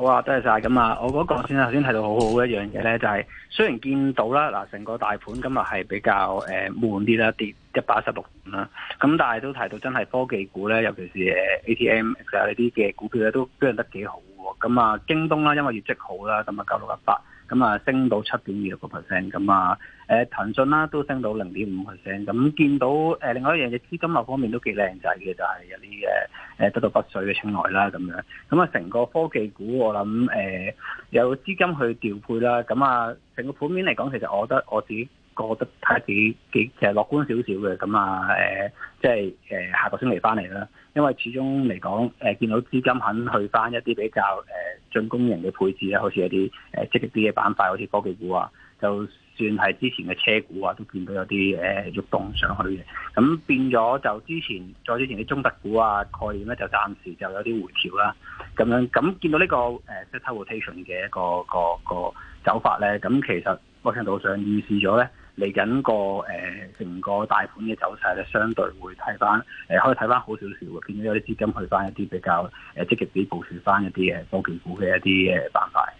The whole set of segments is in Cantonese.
好啊，多謝晒。咁啊，我嗰個先頭先提到好好一樣嘢咧，就係、是、雖然見到啦，嗱成個大盤今日係比較誒悶啲啦，跌一百一十六點啦，咁但係都提到真係科技股咧，尤其是 ATM 啊呢啲嘅股票咧，都表現得幾好喎。咁啊，京東啦，因為業績好啦，咁啊九六一八。咁啊，升到七點二六個 percent，咁啊，誒騰訊啦都升到零點五 percent，咁見到誒另外一樣嘢，資金流方面都幾靚仔嘅，就係有啲誒誒得到北水嘅青睞啦，咁樣，咁啊成個科技股我諗誒有資金去調配啦，咁啊成個盤面嚟講，其實我覺得我自己覺得開始幾其實樂觀少少嘅，咁啊誒即係誒下個星期翻嚟啦。因為始終嚟講，誒、呃、見到資金肯去翻一啲比較誒、呃、進攻型嘅配置咧，好似一啲誒積極啲嘅板塊，好似科技股啊，就算係之前嘅車股啊，都見到有啲誒喐動上去嘅。咁變咗就之前再之前啲中特股啊概念咧，就暫時就有啲回調啦。咁樣咁見到呢、這個誒、呃、rotation 嘅一個個個，個走法咧，咁其實個程度上預示咗咧，嚟緊個誒成個大盤嘅走勢咧，相對會睇翻誒，可以睇翻好少少嘅，會變咗有啲資金去翻一啲比較誒積極啲部署翻一啲誒科技股嘅一啲誒板塊。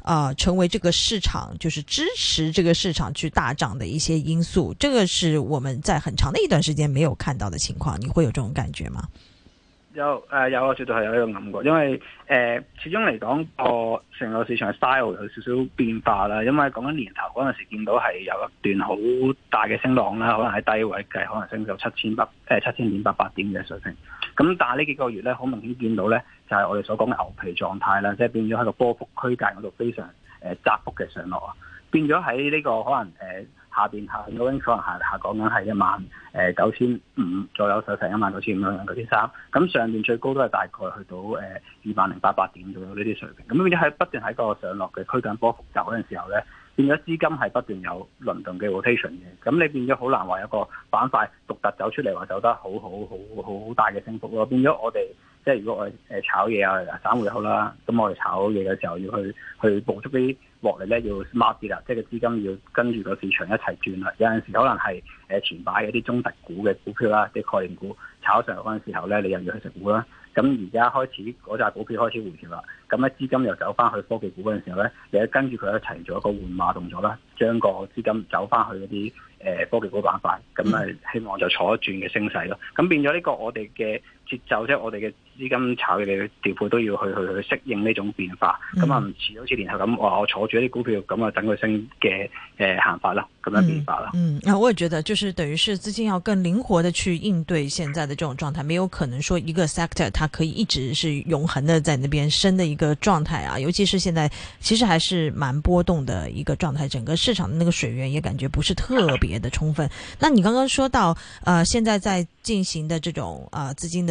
啊、呃，成為這個市場就是支持這個市場去大漲的一些因素，這個是我們在很長的一段時間沒有看到的情況，你會有這種感覺嗎？有誒，有、呃、我絕對係有呢種感覺，因為誒、呃，始終嚟講，我成個市場 style 有少少變化啦。因為講緊年頭嗰陣時見到係有一段好大嘅升浪啦，可能喺低位計，可能升到七千八誒七千點八百點嘅水平。咁但係呢幾個月咧，好明顯見到咧。就係我哋所講嘅牛皮狀態啦，即係變咗喺個波幅區間嗰度非常誒窄幅嘅上落啊，變咗喺呢個可能誒下邊行可能下下講緊係一萬誒九千五左右，甚至一萬九千五兩萬九千三，咁上邊最高都係大概去到誒二萬零八百點左右呢啲水平。咁變咗喺不斷喺個上落嘅區間波幅窄嗰陣時候咧，變咗資金係不斷有輪動嘅 rotation 嘅，咁你變咗好難話有一個板塊獨特走出嚟話走得好好好好，好，好大嘅升幅咯，變咗我哋。即係如果我哋炒嘢啊，散戶好啦，咁我哋炒嘢嘅時候，要去去捕捉啲獲利咧，要 smart 啲啦，即係個資金要跟住個市場一齊轉啦。有陣時可能係誒前擺一啲中特股嘅股票啦，啲概念股炒上嗰陣時候咧，你又要去食股啦。咁而家開始嗰扎股票開始回調啦，咁咧資金又走翻去科技股嗰陣時候咧，你跟住佢一齊做一個換馬動作啦，將個資金走翻去嗰啲科技股板塊，咁啊希望就坐一轉嘅升勢咯。咁變咗呢個我哋嘅。節奏啫，我哋嘅資金炒嘅嘅調配都要去去去適應呢種變化，咁啊唔似好似年頭咁話我坐住一啲股票，咁啊等佢升嘅誒、呃、行法啦，咁樣變化啦、嗯。嗯，我也覺得，就是等於是資金要更靈活的去應對現在的這種狀態，沒有可能說一個 sector，它可以一直是永恆的在那邊升的一個狀態啊，尤其是現在其實還是蠻波動的一個狀態，整個市場的那個水源也感覺不是特別的充分。嗯、那你剛剛說到，誒、呃，現在在進行的這種啊資、呃、金的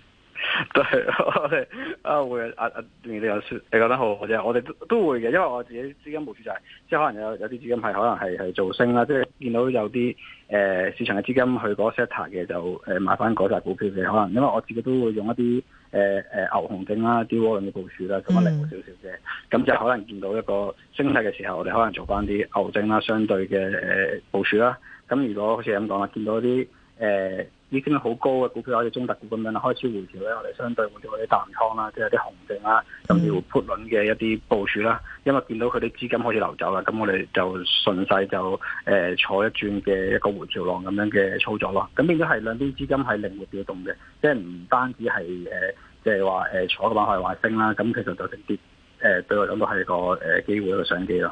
都係，啊會啊啊，你又你覺得好或者我哋都都會嘅，因為我自己資金部署就係、是，即係可能有有啲資金係可能係去做升啦，即係、就是、見到有啲誒、呃、市場嘅資金去嗰 set 嘅就誒買翻嗰隻股票嘅，可能因為我自己都會用一啲誒、呃、牛熊證啦，啲窩輪嘅部署啦，咁啊靈活少少啫，咁就可能見到一個升勢嘅時候，我哋可能做翻啲牛證啦，相對嘅誒部署啦，咁如果好似咁講啦，見到啲誒，呃已經好高嘅股票，好似中特股咁樣啦，開始回調咧，我哋相對換咗啲淡倉啦，即係啲熊證啦，甚至乎 put 輪嘅一啲部署啦，因為見到佢啲資金開始流走啦，咁我哋就順勢就、呃、坐一轉嘅一個回調浪咁樣嘅操作咯。咁變咗係兩邊資金係靈活調動嘅，即係唔單止係誒，即、呃、係、就是呃、話誒坐嘅話係話升啦，咁其實就直接誒，對我嚟講都係個誒、呃、機會一個商機咯。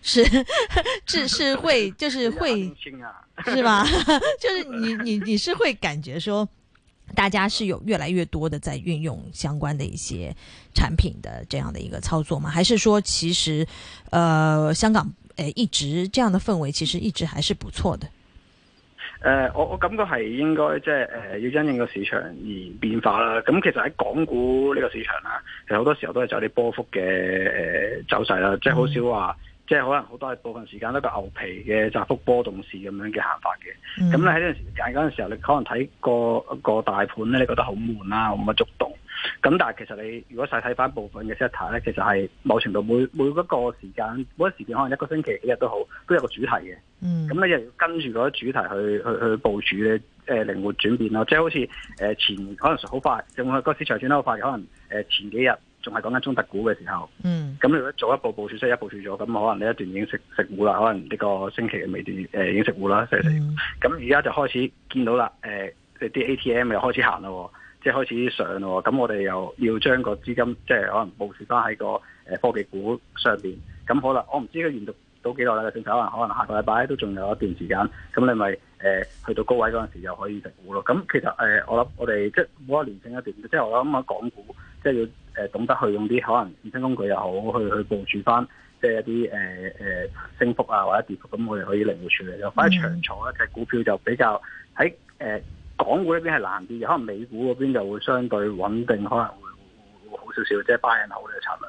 是，是是會，就是會，是吧？ 就是你你你是會感覺說，大家是有越來越多的在運用相關的一些產品的這樣的一個操作嗎？還是說其實，呃，香港呃一直這樣的氛圍其實一直還是不錯的。呃，我我感覺係應該即係誒要因應個市場而變化啦。咁其實喺港股呢個市場啦、啊，其實好多時候都係走啲波幅嘅誒、呃、走勢啦，即係好少話。即係可能好多係部分時間都個牛皮嘅窄幅波動市咁樣嘅行法嘅，咁你喺呢段時間嗰陣時候，你可能睇個一個大盤咧，你覺得好悶啦，冇乜觸動。咁但係其實你如果細睇翻部分嘅 setter 咧，其實係某程度每每嗰個時間，每一段時間可能一個星期幾日都好，都有個主題嘅。嗯。咁你又要跟住嗰個主題去去去部署咧，誒靈活轉變咯，即係好似誒前可能好快，因為個市場轉得好快，可能誒前幾日。仲係講緊中特股嘅時候，咁如果做一步部署，即，一步部署咗，咁可能呢一段已經食糊股啦，可能呢個星期嘅尾段已經食糊啦，咁而家就開始見到啦，誒、呃，即啲 ATM 又開始行咯，即係開始上咯，咁我哋又要將個資金即係可能部署翻喺個、呃、科技股上面。咁好啦，我唔知佢延續到幾耐啦，政策可能可能下個禮拜都仲有一段時間，咁你咪誒、呃、去到高位嗰陣時又可以食糊咯，咁其實誒、呃、我諗我哋即冇一年性一段，即係我諗啊，港股即係要。誒懂得去用啲可能衍生工具又好，去去部署返，即係一啲誒誒升幅啊或者跌幅，咁我哋可以靈活處理有反而長坐咧，一隻、mm. 股票就比較喺誒、呃、港股呢邊係難啲，可能美股嗰邊就會相對穩定，可能會會好少少，即係 buy in 好嘅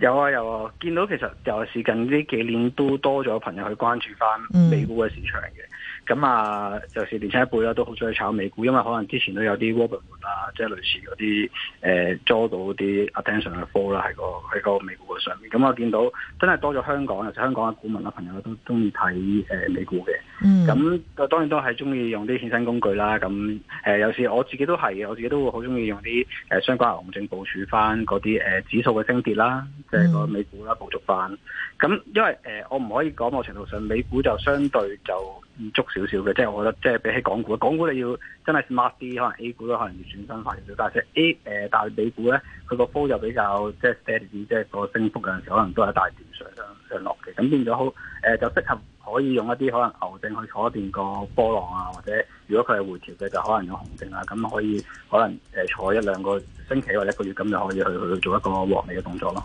有啊有啊，見到其實尤其是近呢幾年都多咗朋友去關注返美股嘅市場嘅。咁啊，就是年輕一輩啦，都好中意炒美股，因為可能之前都有啲 uber o 啊，即係類似嗰啲誒捉到啲 attention 嘅股啦、那個，喺個喺個美股嘅上面。咁我見到真係多咗香港，尤其香港嘅股民啦，朋友都中意睇美股嘅。咁、mm. 當然都係中意用啲衍生工具啦。咁有時我自己都係，我自己都會好中意用啲誒、呃、相關行政部署翻嗰啲誒指數嘅升跌啦，即、就是、個美股啦部署翻。咁、mm. 因為誒、呃，我唔可以講某程度上美股就相對就。捉少少嘅，即係我覺得，即係比起港股，港股你要真係 smart 啲，可能 A 股都可能要轉身快少少但係成 A 誒、呃、大美股咧，佢個波就比較即係 steady 即係個升幅嘅時候可能都係大點上上落嘅，咁變咗好誒、呃、就適合可以用一啲可能牛證去坐一段個波浪啊，或者如果佢係回調嘅就可能用熊證啊，咁可以可能誒坐一兩個星期或者一個月咁就可以去去做一個獲利嘅動作咯。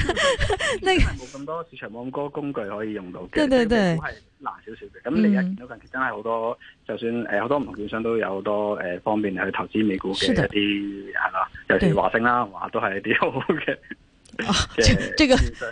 咁多市場咁多工具可以用到嘅，對對對美股係難少少嘅。咁你日見到近期真係好多，嗯、就算誒好、呃、多唔同券商都有好多誒、呃、方便去投資美股嘅一啲係咯，的尤其華盛啦，話都係一啲好嘅。即係。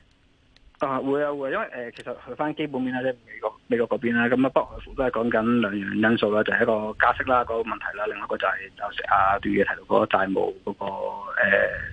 啊會啊會啊，因為誒、呃、其實去翻基本面咧，即係美國美國嗰邊啦，咁啊不外乎都係講緊兩樣因素啦，就係、是、一個加息啦，嗰、那個問題啦，另外一個就係、是、就成阿杜宇提到嗰個債務嗰個誒，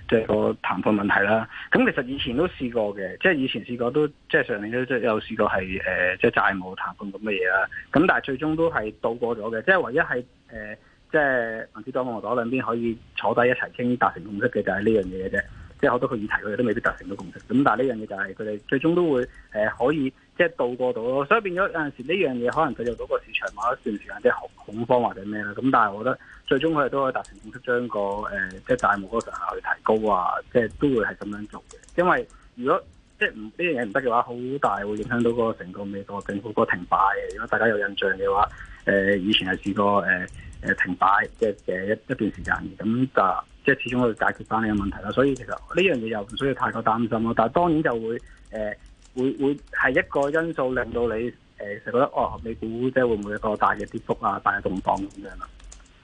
即、呃、係、就是、個談判問題啦。咁其實以前都試過嘅，即係以,以前試過都即係上年都即係有試過係誒、呃，即係債務談判咁嘅嘢啦。咁但係最終都係渡過咗嘅，即係唯一係誒、呃，即係民主黨同共和黨兩邊可以坐低一齊傾達成共識嘅，就係呢樣嘢啫。即係好多佢議題，佢哋都未必達成到共識。咁但係呢樣嘢就係佢哋最終都會誒、呃、可以即係渡過到咯。所以變咗有陣時呢樣嘢可能製造到個市場某一段時間即係恐慌或者咩啦。咁但係我覺得最終佢哋都可以達成共識，將個誒、呃、即係債務嗰個上限去提高啊，即係都會係咁樣做嘅。因為如果即係唔呢樣嘢唔得嘅話，好大會影響到嗰個成個美國政府個停擺。如果大家有印象嘅話，誒、呃、以前係試過誒、呃誒、呃、停擺嘅嘅一一段時間，咁就即係始終可以解決翻呢個問題啦。所以其實呢樣嘢又唔需要太過擔心咯。但係當然就會誒、呃、會會係一個因素令到你誒成、呃、覺得哦，你估即係會唔會有一個大嘅跌幅啊，大嘅動盪咁樣啦。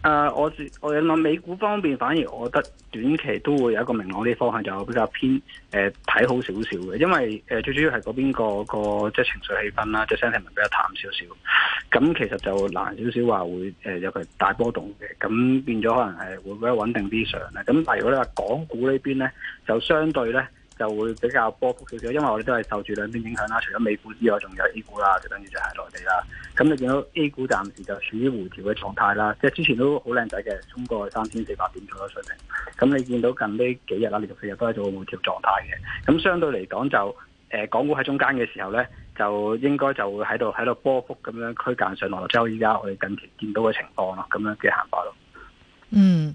啊、呃！我我諗美股方面，反而我覺得短期都會有一個明朗啲方向，就比較偏誒睇，呃、好少少嘅，因為誒、呃、最主要係嗰邊個個即係情緒氣氛啦，即係 sentiment 比較淡少少，咁其實就難少少話會誒尤其大波動嘅，咁變咗可能係會比較穩定啲上咧。咁但如果你話港股邊，呢邊咧就相對咧。就會比較波幅少少，因為我哋都係受住兩邊影響啦。除咗美股之外，仲有 A 股啦，就等住就係內地啦。咁你見到 A 股暫時就處於回調嘅狀態啦，即係之前都好靚仔嘅，衝過三千四百點左右水平。咁你見到近呢幾日啦，連續四日都係做回調狀態嘅。咁相對嚟講就，誒、呃，港股喺中間嘅時候咧，就應該就會喺度喺度波幅咁樣區間上落，之後依家我哋近期見到嘅情況咯，咁樣嘅行法咯。嗯。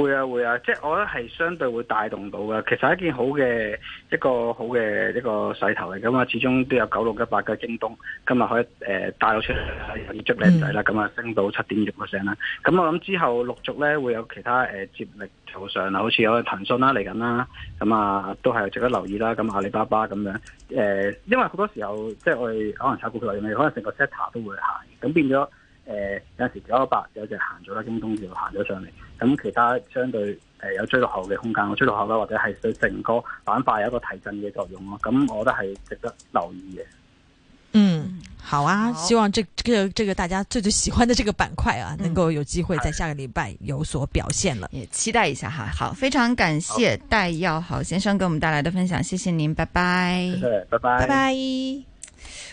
會啊會啊，即係我覺得係相對會帶動到嘅，其實是一件好嘅一,一個好嘅一個勢頭嚟嘅。咁啊，始終都有九六一八嘅京東，今日可以誒、呃、帶到出嚟啦，捉靚仔啦，咁啊升到七點六個成啦。咁我諗之後陸續咧會有其他誒、呃、接力走上啦，好似有騰訊啦嚟緊啦，咁啊，啊都係值得留意啦、啊。咁阿里巴巴咁樣誒、呃，因為好多時候即係我哋可能炒股票，你可能成個 sector 都會行，咁變咗。誒，有陣時九九八有隻行咗啦，京東就行咗上嚟，咁其他相對誒有追落後嘅空間，我追落後啦，或者係對成個板塊有一個提振嘅作用咯。咁我覺得係值得留意嘅。嗯，好啊，好希望這個、這、這個大家最最喜歡的這個板塊啊，嗯、能夠有機會在下個禮拜有所表現了。也期待一下哈。好，非常感謝戴耀豪先生給我們帶來的分享，謝謝您，拜拜，拜拜，拜拜。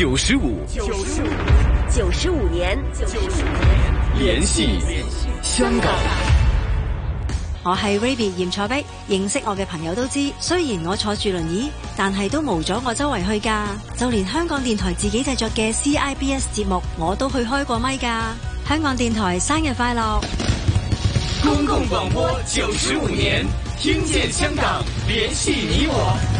九十五，九十五，九十五年，九十五年，年聯繫香港。我係 Ruby，嚴楚碧，認識我嘅朋友都知，雖然我坐住輪椅，但係都無咗我周圍去噶。就連香港電台自己製作嘅 CIBS 節目，我都去開過麥噶。香港電台生日快樂！公共廣播九十五年，聽見香港，聯繫你我。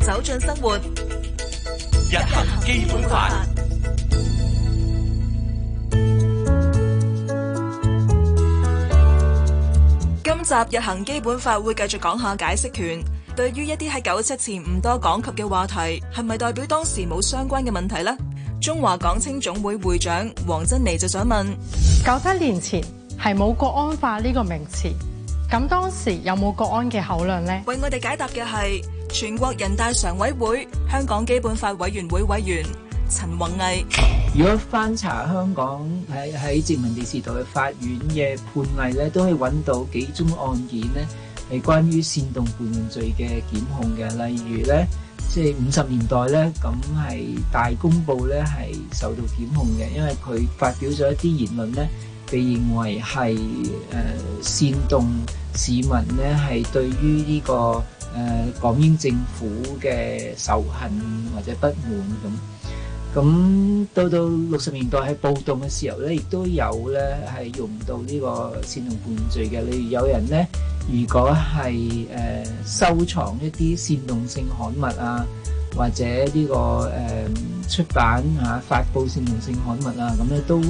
走進生活，日行基本法。今集日行基本法會繼續講下解釋權。對於一啲喺九七前唔多講及嘅話題，係咪代表當時冇相關嘅問題呢？中華港青總會會長黃珍妮就想問：九七年前係冇國安法呢個名詞，咁當時有冇國安嘅口糧呢？為我哋解答嘅係。全國人大常委會、香港基本法委員會委員陳弘毅，如果翻查香港喺喺殖民地時代嘅法院嘅判例咧，都可以揾到幾宗案件咧，係關於煽動叛亂罪嘅檢控嘅。例如咧，即係五十年代咧，咁係大公報咧係受到檢控嘅，因為佢發表咗一啲言論咧，被認為係誒煽動市民咧係對於呢個。誒港英政府嘅仇恨或者不滿咁，咁到到六十年代喺暴動嘅時候咧，亦都有咧係用到呢個煽動叛亂罪嘅。例如有人咧，如果係誒收藏一啲煽動性刊物啊，或者呢個誒出版啊發佈煽動性刊物啊，咁咧都誒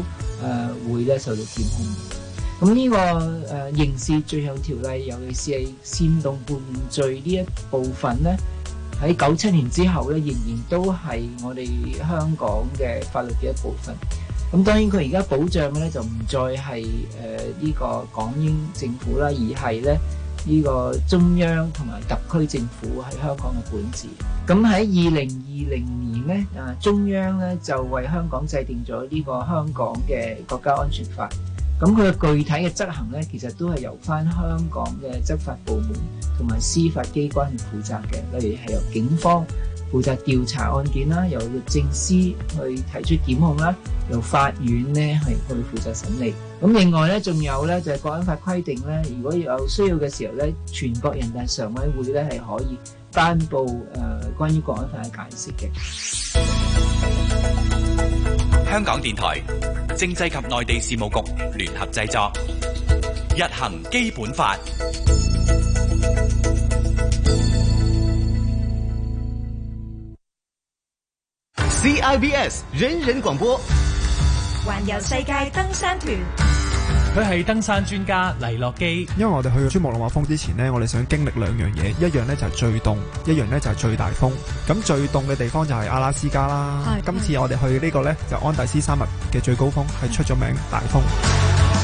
會咧受到檢控。咁呢個誒刑事罪行條例，尤其是係煽動叛罪呢一部分咧，喺九七年之後咧，仍然都係我哋香港嘅法律嘅一部分。咁當然佢而家保障嘅咧，就唔再係誒呢個港英政府啦，而係咧呢個中央同埋特區政府喺香港嘅管治。咁喺二零二零年咧，誒中央咧就為香港制定咗呢個香港嘅國家安全法。咁佢嘅具體嘅執行咧，其實都係由翻香港嘅執法部門同埋司法機關去負責嘅，例如係由警方負責調查案件啦，由律政司去提出檢控啦，由法院咧係去負責審理。咁另外咧，仲有咧就係《國安法》規定咧，如果要有需要嘅時候咧，全國人大常委會咧係可以頒布誒關於《國安法》嘅解釋嘅。。香港電台政制及內地事務局聯合製作，日行基本法。CIBS 人人廣播，環遊世界登山團。佢係登山專家黎洛基。因為我哋去珠穆朗瑪峰之前呢，我哋想經歷兩樣嘢，一樣呢就係最凍，一樣呢就係最大風。咁最凍嘅地方就係阿拉斯加啦。哎、呀今次我哋去呢個呢，就是安第斯山脈嘅最高峰，係出咗名大風。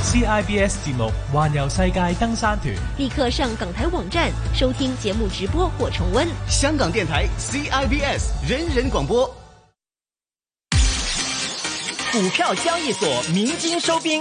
CIBS 節目環遊世界登山團，立刻上港台網站收聽節目直播或重溫。香港電台 CIBS 人人廣播，股票交易所鳴金收兵。